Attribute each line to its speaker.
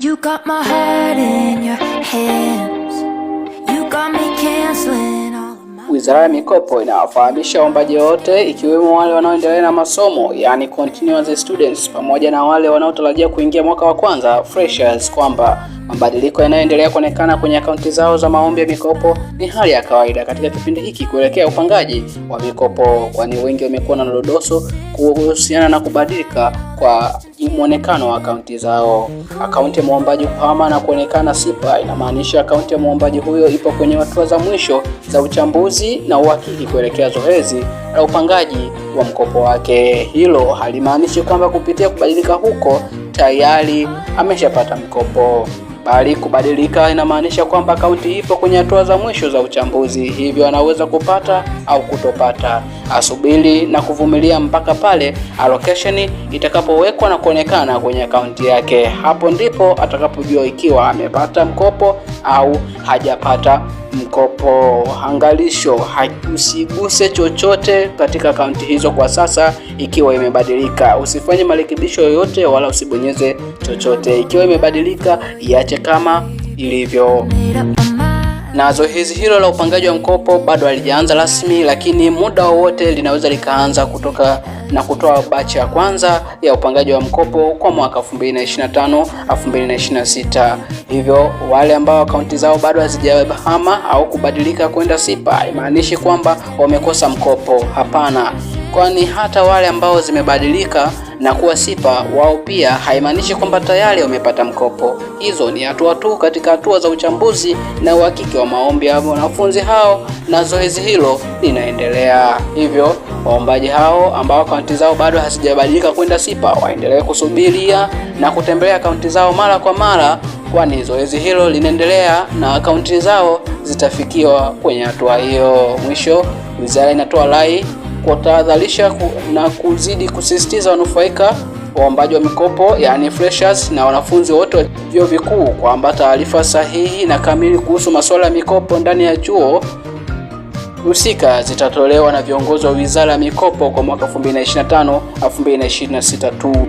Speaker 1: You got my heart in your hands. You got me canceling all my... Wizara ya Mikopo inawafahamisha waombaji wote ikiwemo wale wanaoendelea na masomo yani continuous students, pamoja na wale wanaotarajia kuingia mwaka wa kwanza freshers, kwamba mabadiliko yanayoendelea kuonekana kwenye akaunti zao za maombi ya mikopo ni hali ya kawaida katika kipindi hiki kuelekea upangaji wa mikopo, kwani wengi wamekuwa na dodoso kuhusiana na kubadilika kwa mwonekano wa akaunti zao. Akaunti ya mwombaji kuhama na kuonekana sipa inamaanisha akaunti ya mwombaji huyo ipo kwenye hatua za mwisho za uchambuzi na uhakiki kuelekea zoezi la upangaji wa mkopo wake. Hilo halimaanishi kwamba kupitia kubadilika huko tayari ameshapata mkopo bali kubadilika inamaanisha kwamba akaunti ipo kwenye hatua za mwisho za uchambuzi, hivyo anaweza kupata au kutopata. Asubiri na kuvumilia mpaka pale allocation itakapowekwa na kuonekana kwenye akaunti yake. Hapo ndipo atakapojua ikiwa amepata mkopo au hajapata mkopo. Angalisho, usiguse chochote katika akaunti hizo kwa sasa ikiwa imebadilika. Usifanye marekebisho yoyote wala usibonyeze chochote. Ikiwa imebadilika, iache kama ilivyo
Speaker 2: na zoezi hilo la upangaji wa mkopo bado halijaanza rasmi, lakini muda wowote linaweza likaanza kutoka na kutoa bachi ya kwanza ya upangaji wa mkopo kwa mwaka 2025 2026. Hivyo wale ambao akaunti zao bado hazijahama au kubadilika kwenda SIPA, imaanishi kwamba wamekosa mkopo. Hapana kwani hata wale ambao zimebadilika na kuwa sipa wao pia haimaanishi kwamba tayari wamepata mkopo. Hizo ni hatua tu katika hatua za uchambuzi na uhakiki wa maombi ya wanafunzi hao, na zoezi hilo linaendelea. Hivyo waombaji hao ambao akaunti zao bado hazijabadilika kwenda sipa waendelee kusubiria na kutembelea akaunti zao mara kwa mara, kwani zoezi hilo linaendelea na akaunti zao zitafikiwa kwenye hatua hiyo. Mwisho, wizara inatoa rai kutahadharisha na kuzidi kusisitiza wanufaika waombaji wa mikopo yani freshers na wanafunzi wote wa vyuo vikuu kwamba taarifa sahihi na kamili kuhusu masuala ya mikopo ndani ya chuo husika zitatolewa na viongozi wa Wizara ya Mikopo kwa mwaka 2025 2026 tu.